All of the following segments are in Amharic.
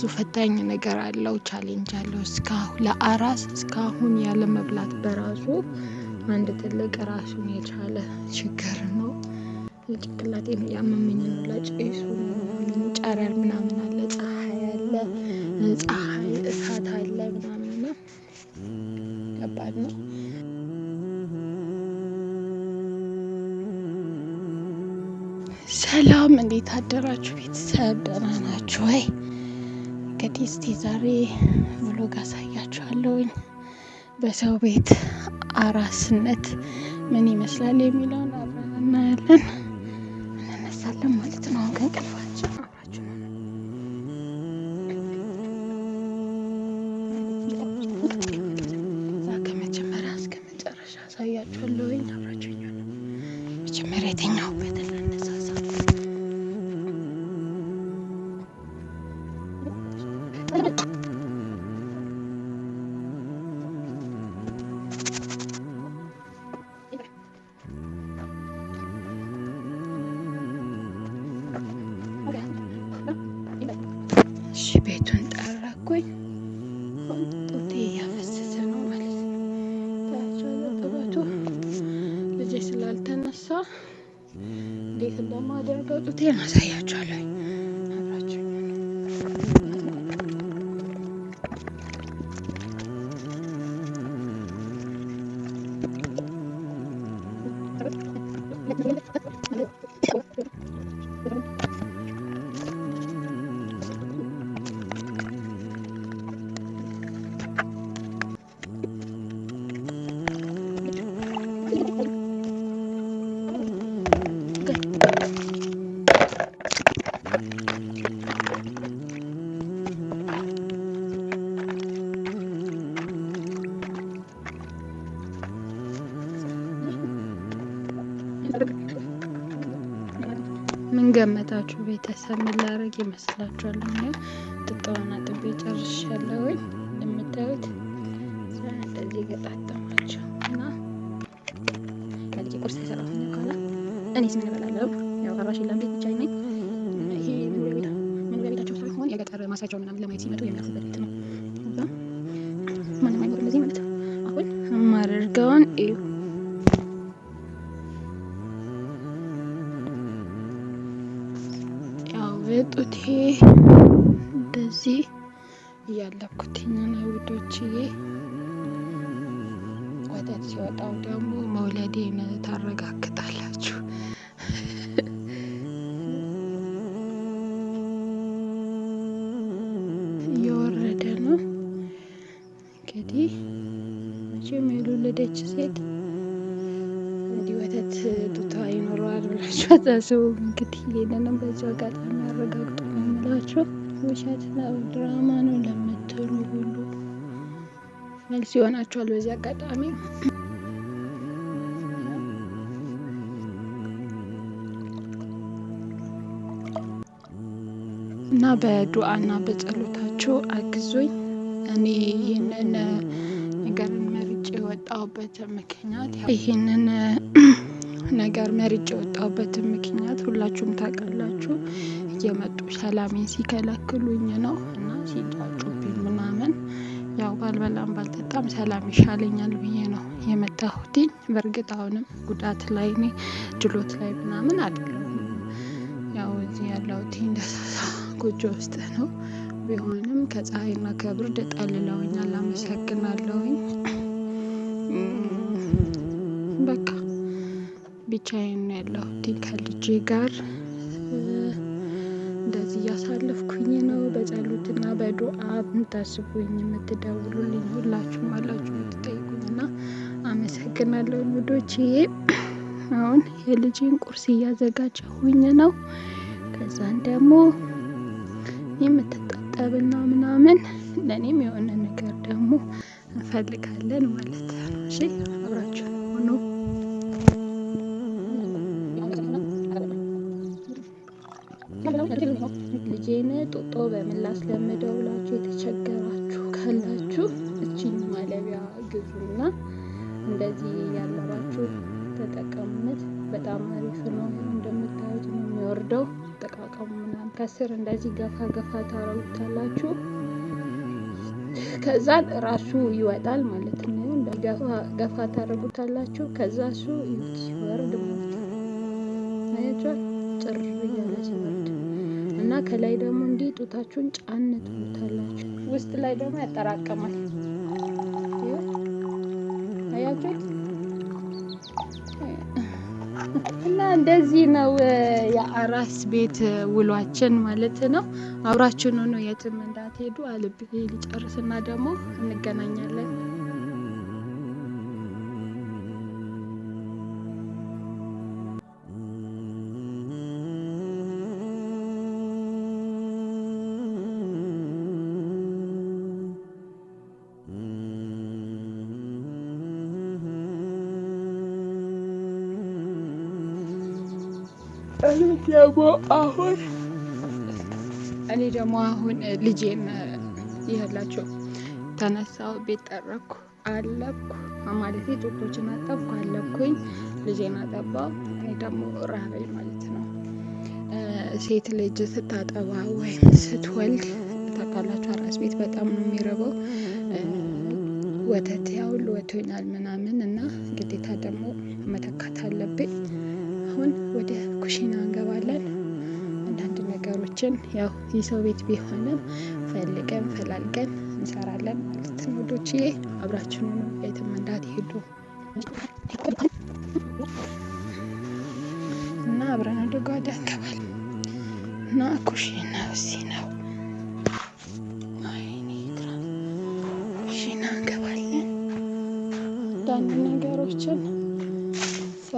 ብዙ ፈታኝ ነገር አለው፣ ቻሌንጅ አለው። እስካሁን ለአራስ እስካሁን ያለ መብላት በራሱ አንድ ትልቅ ራሱን የቻለ ችግር ነው። ጭንቅላቴን ያመመኝ ነው። ለጭሱ ጨረር ምናምን አለ፣ ፀሐይ አለ፣ ፀሐይ እሳት አለ ምናምንና ከባድ ነው። ሰላም፣ እንዴት አደራችሁ ቤተሰብ? ደህና ናችሁ ወይ? እንግዲህ እስቲ ዛሬ ብሎግ አሳያችኋለሁኝ በሰው ቤት አራስነት ምን ይመስላል የሚለውን አብረን እናያለን፣ እንነሳለን ማለት ነው። አሁን ከእንቅልፍ ልጄ ስላልተነሳ እንዴት እንደማደርገው ጡቴን አሳያችኋለሁ። ምን ገመታችሁ ቤተሰብ? ምን ላረግ ይመስላችኋል? ሆን ጥጥሩን አጥቤ ጨርሻለሁ። የምታዩት እንደዚህ ገጣጠማቸው እና ቁርስ ከሆነ እኔ ስምንበላለሁ ያው አራሽ ላምቤት ብቻ ነኝ ራሳቸው ምናምን ለማየት ሲመጡ የሚያርፉበት ቤት ነው። ማንም አይኖርም እዚህ ማለት ነው። አሁን የማደርገውን እዩ። ያው ጡቴ እንደዚህ እያለኩትኝ ነው ውዶችዬ። ወተት ሲወጣው ደግሞ መውለዴን ታረጋግጣላችሁ። ጡት ይኖረዋል ብላችሁ አታስቡ። እንግዲህ ይሄንንም በዚ አጋጣሚ አረጋግጡ ነው የምላችሁ። ውሸት ነው ድራማ ነው ለምትሉ ሁሉ መልስ ይሆናችኋል በዚህ አጋጣሚ እና በዱዓና በጸሎታችሁ አግዞኝ እኔ ይህንን ነገር መርጬ የወጣሁበት ምክንያት ይህንን ነገር መርጬ የወጣሁበትን ምክንያት ሁላችሁም ታውቃላችሁ። እየመጡ ሰላሜን ሲከለክሉኝ ነው እና ሲጫጩብኝ ምናምን ያው ባልበላም ባልጠጣም ሰላም ይሻለኛል ብዬ ነው የመጣሁትኝ። በእርግጥ አሁንም ጉዳት ላይ እኔ ድሎት ላይ ምናምን አደለም። ያው እዚህ ያለሁት እንደሳሳ ጎጆ ውስጥ ነው። ቢሆንም ከፀሐይና ከብርድ ጠልለውኛል። አመሰግናለሁኝ። በቃ ብቻዬን ነው ያለሁትኝ ከልጄ ጋር እንደዚህ እያሳለፍኩኝ ነው። በጸሎትና በዱአ የምታስቡኝ የምትደውሉልኝ ሁላችሁም አላችሁ የምትጠይቁኝ እና አመሰግናለሁ ውዶቼ። አሁን የልጄን ቁርስ እያዘጋጀሁኝ ነው። ከዛን ደግሞ የምትጣጠብና ምናምን ለእኔም የሆነ ነገር ደግሞ እንፈልጋለን ማለት ነው። እሺ አብራችሁ ልጄን ጦጦ በምላስ ለምደው ብላችሁ የተቸገራችሁ ካላችሁ እቺኝ ማለቢያ ግዙና እንደዚህ ያለባችሁ ተጠቀሙት። በጣም አሪፍ ነው። እንደምታዩት ነው የሚወርደው። ጠቃቀሙ ምናምን ከስር እንደዚህ ገፋ ገፋ ታረጉታላችሁ። ከዛ ራሱ ይወጣል ማለት ነው። ገፋ ታረጉታላችሁ። ከዛ እሱ ይወርድ ማለት ነው። አያችኋል? ጭር እያለ ሲወርድ እና ከላይ ደግሞ እንዲህ ጡታችሁን ጫን ትሉታላችሁ። ውስጥ ላይ ደግሞ ያጠራቀማል። አያችሁት? እና እንደዚህ ነው የአራስ ቤት ውሏችን ማለት ነው። አብራችን ሆኖ የትም እንዳትሄዱ አልብ ሊጨርስና ደግሞ እንገናኛለን። እኔ ደግሞ አሁን እኔ ደግሞ አሁን ልጄም ይኸውላችሁ ተነሳው ቤት ጠረኩ አለኩ ማለት ጡቶችን አጠብኩ አለኩኝ ልጄን አጠባው። እኔ ደግሞ ራበኝ ማለት ነው። ሴት ልጅ ስታጠባ ወይም ስትወልድ ታውቃላችሁ፣ አራስ ቤት በጣም ነው የሚረበው። ወተት ያው ልወቶኛል ምናምን እና ግዴታ ደግሞ መተካት አለብኝ። አሁን ወደ ኩሽና እንገባለን። አንዳንድ ነገሮችን ያው የሰው ቤት ቢሆንም ፈልገን ፈላልቀን እንሰራለን ማለት ነው። ወዶች ወዶችዬ አብራችሁን ቤትም እንዳትሄዱ እና አብረን ወደ ጓዳ እንገባለን እና ኩሽና እዚህ ነው።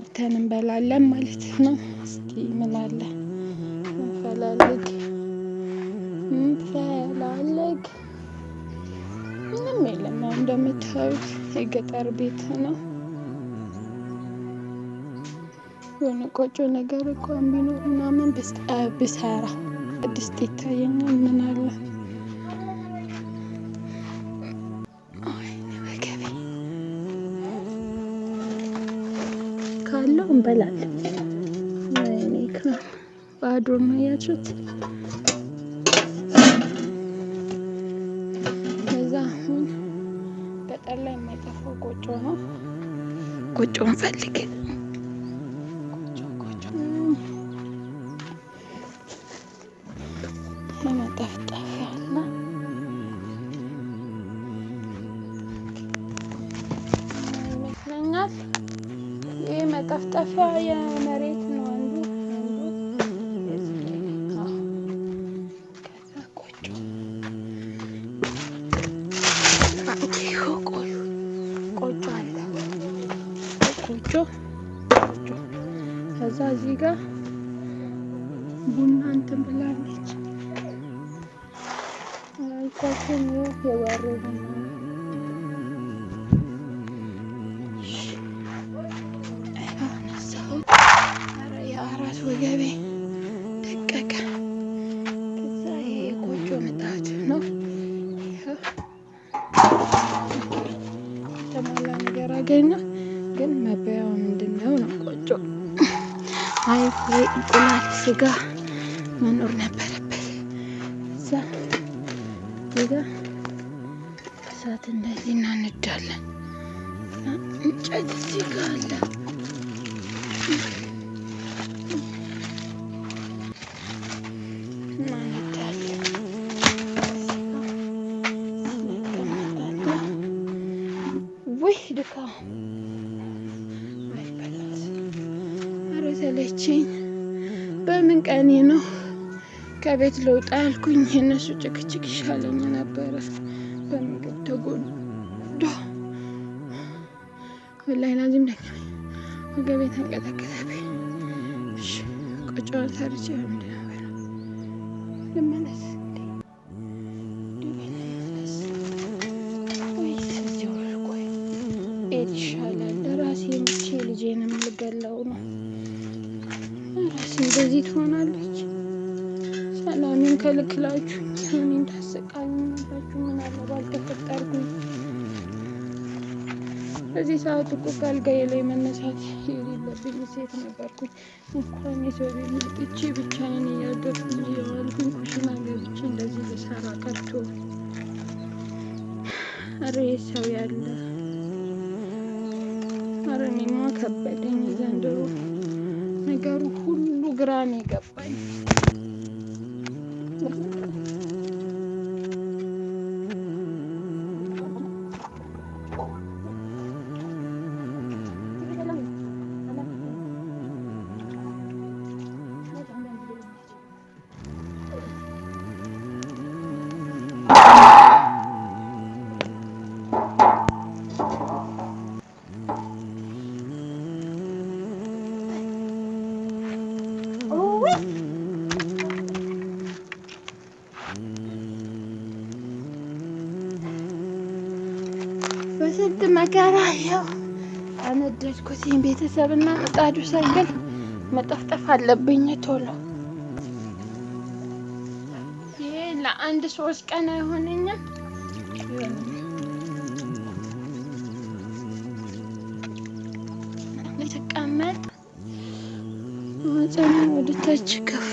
ገብተን እንበላለን ማለት ነው። እስኪ ምናለ እንፈላለግ እንፈላለግ። ምንም የለም። ያው እንደምታዩት የገጠር ቤት ነው። የሆነ ቆጮ ነገር እንኳን ቢኖር ምናምን ብሰራ ቅድስት ይታየኛል ምናለ እንበላለን። ባዶ ያችሁት። ከዛ አሁን ገጠር ላይ የማይጠፋው ቆጮ ነው። ቆጮ ፈልግ ይመስለኛል። መጠፍጠፊያ የመሬት የእንቁላል ስጋ መኖር ነበረበት። እዛ ዜጋ እሳት እንደዚህ እናነዳለን። እንጨት እዚህ ጋ አለ። ውይ ድካ ሰለቸኝ። በምን ቀኔ ነው ከቤት ለውጣ ያልኩኝ? የእነሱ ጭቅጭቅ ይሻለኝ ነበረ። በምግብ ተጎዶ ወላሂ ላዚም ደከመኝ፣ ወገቤ ተንቀጠቀጠብኝ። ቆጮን ሰርቼ ምንድን ነበር ልመለስ ይሻላል ምቼ ልጄንም ልገለው ነው። እንደዚህ ትሆናለች። ሰላምን ከልክላችሁ ሰኔ እንዳሰቃዩባችሁ ምን አለ ባልተፈጠርኩኝ። በዚህ ሰዓት እኮ ከአልጋዬ ላይ መነሳት የሌለብኝ ሴት ነበርኩኝ። እንኳን የሰው ቤት መጥቼ ብቻዬን እያደርኩኝ እየዋልኩኝ ኩሽና ገብቼ እንደዚህ ልሰራ ቀርቶ ሬ ሰው ያለ አረ ከበደኝ ዘንድሮ። ነገሩ ሁሉ ግራ ነው የገባኝ። በስንት መከራ ያው አነደድኩት። ይህን ቤተሰብ ቤተሰብና ምጣዱ ሰግል መጠፍጠፍ አለብኝ ቶሎ። ይሄ ለአንድ ሶስት ቀን አይሆነኝም። ልትቀመጥ ወደ ወደታች ከፍ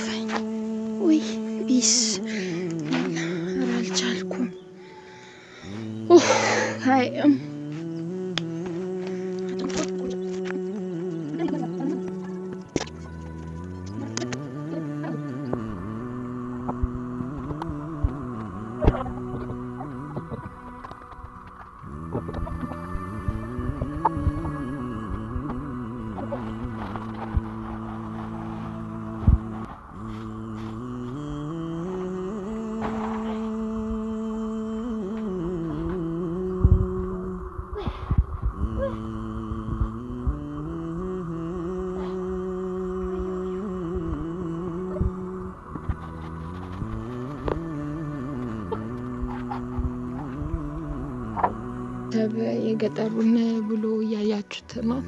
ቤተሰብ የገጠሩን ብሎ እያያችሁት ነው።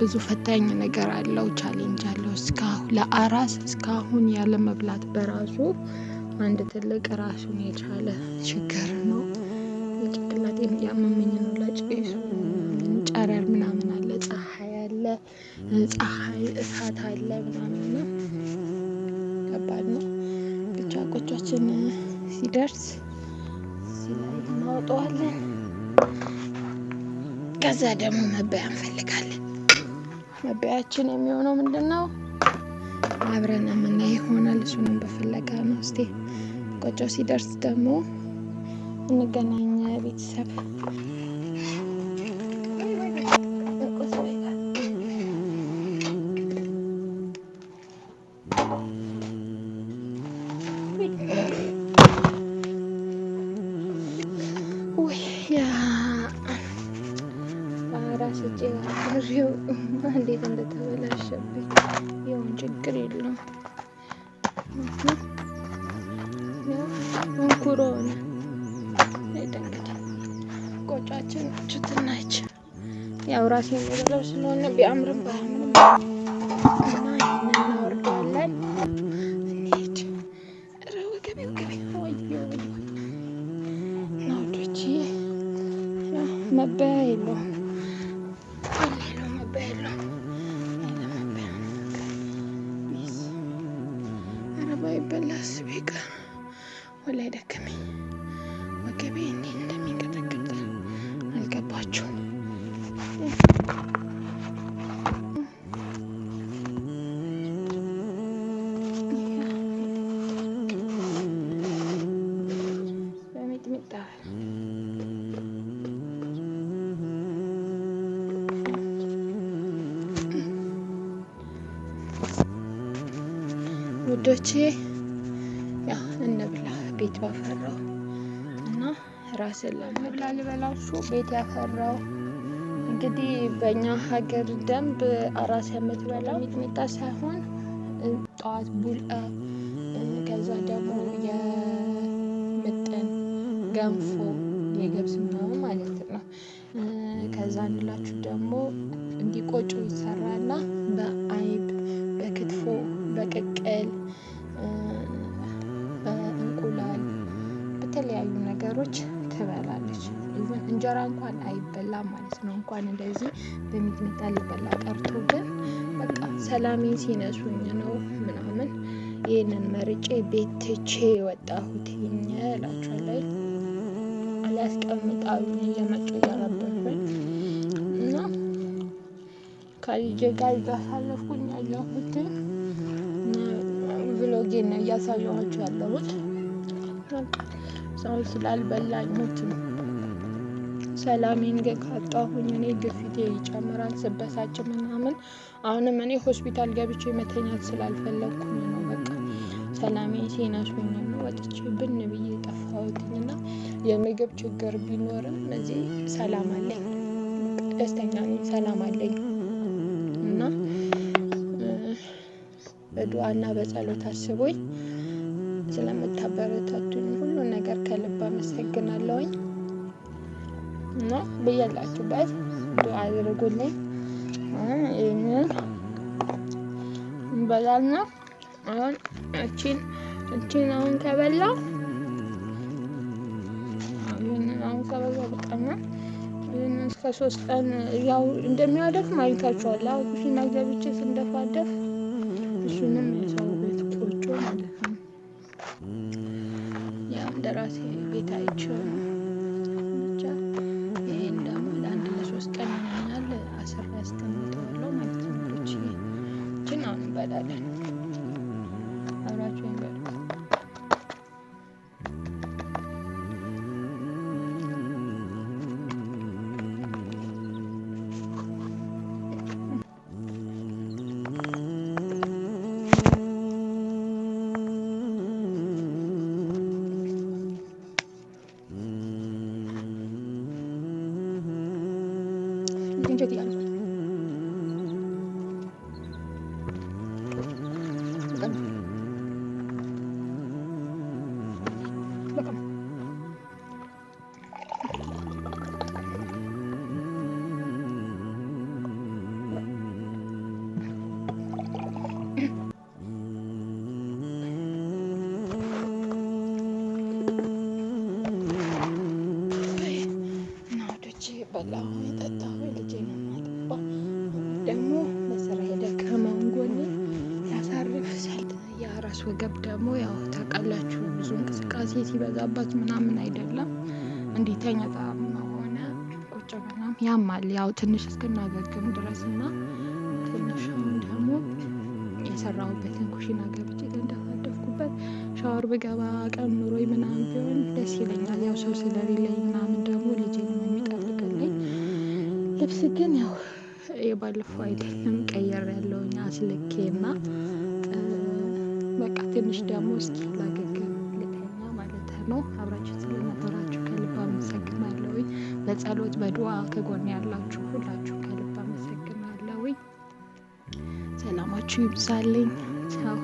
ብዙ ፈታኝ ነገር አለው፣ ቻሌንጅ አለው። እስካሁን ለአራስ እስካሁን ያለ መብላት በራሱ አንድ ትልቅ ራሱን የቻለ ችግር ነው። ጭንቅላቴን እያመመኝ ነው። ለጭሱ ጨረር ምናምን አለ፣ ፀሐይ አለ፣ ፀሐይ እሳት አለ ምናምን ከባድ ነው። ብቻ ቆቻችን ሲደርስ ሲላይ እናወጣዋለን። ከዛ ደግሞ መበያ እንፈልጋለን። መበያችን የሚሆነው ምንድን ነው? አብረን የምናይ ይሆናል። እሱንም በፍለጋ ነው። እስቲ ቆጮ ሲደርስ ደግሞ እንገናኝ ቤተሰብ እንደተበላሸብኝ ያውን ችግር የለም። መንኩሮ ሆነ እንግዲህ ቆጫችን ችትናች ያው ራሴ የሚበላው ስለሆነ ቢያምርም ባያምርም ደቂቃ ወላሂ ደከመኝ። ወገቤ እንዴት እንደሚንቀጠቀጥ አልገባችሁም። ውዶቼ ቤቱ አፈራው እና ራስን ለመብላ ልበላችሁ ቤት ያፈራው እንግዲህ በእኛ ሀገር ደንብ አራስ የምትበላው ሚጥሚጣ ሳይሆን ጠዋት ቡላ፣ ከዛ ደግሞ የምጥን ገንፎ የገብስ ምናምን ማለት ነው። ከዛ እንላችሁ ደግሞ እንዲቆጩ ይሰራና በአይብ በክትፎ በቅቅል የተለያዩ ነገሮች ትበላለች። ኢቭን እንጀራ እንኳን አይበላ ማለት ነው። እንኳን እንደዚህ በሚጥሚጣ ሊበላ ቀርቶ ግን በቃ ሰላሜን ሲነሱኝ ነው ምናምን ይህንን መርጬ ቤት ትቼ የወጣሁትኝ እላቸዋለሁ። ላይ አላስቀምጣሉኝ እየመጡ እያረበብኝ እና ከልጄ ጋር እያሳለፍኩኝ ያለሁት ብሎጌን ነው እያሳየኋቸው ያለሁት። ሰው ስላልበላኞች ነው። ሰላሜን ግን ካጣሁኝ እኔ ግፊቴ ይጨምራል፣ ስበሳጭ ምናምን። አሁንም እኔ ሆስፒታል ገብቼ መተኛት ስላልፈለግኩኝ ነው። በቃ ሰላሜ ሲነሱኝ ነው ወጥቼ ብን ብዬ ጠፋሁትኝ እና የምግብ ችግር ቢኖርም እዚህ ሰላም አለኝ፣ ደስተኛ ነኝ፣ ሰላም አለኝ እና በዱዋ እና በጸሎት አስቦኝ ስለምታበረታቱኝ ሁሉ ነገር ከልብ አመሰግናለሁኝ እና ብያላችሁበት ዱዓ አድርጉልኝ። ይህንን እንበላና አሁን እቺን እቺን አሁን ከበላ ይህንን አሁን ከበላ በቃና ይህን እስከ ሶስት ቀን ያው እንደሚያደፍ ማይታችኋል። አሁ ፊና ገብቼ ስንደፋደፍ እሱንም ሰው እናቶቼ በላሁ የጠጣሁ ልጄን ማጠባ ደግሞ በስራ የደከመው ጎን ያሳርፍ ሰል የአራስ ወገብ ደግሞ ያው ታውቃላችሁ ብዙ እንቅስቃሴ ሲበዛባት ምናምን አይደለም እንዲተኛ ጣም ሆነ ቁጭ ምናም ያማል ያው ትንሽ እስክናገግም ድረስ እና ትንሽ ደግሞ የሰራሁበትን ኩሽና ገብቼ ሻወር ብገባ ቀን ኑሮኝ ምናምን ቢሆን ደስ ይለኛል። ያው ሰው ስለሌለኝ ምናምን ደግሞ ልጅ ነው የሚጠብቅልኝ። ልብስ ግን ያው የባለፈው አይደለም ቀየር ያለውኛ አስልኬ እና በቃ ትንሽ ደግሞ እስኪ ላገግም ልተኛ ማለት ነው። አብራችሁ ስለነበራችሁ ከልብ አመሰግናለሁኝ። በጸሎት በድዋ ከጎን ያላችሁ ሁላችሁ ከልብ አመሰግናለሁኝ። ሰላማችሁ ይብዛልኝ። ቻው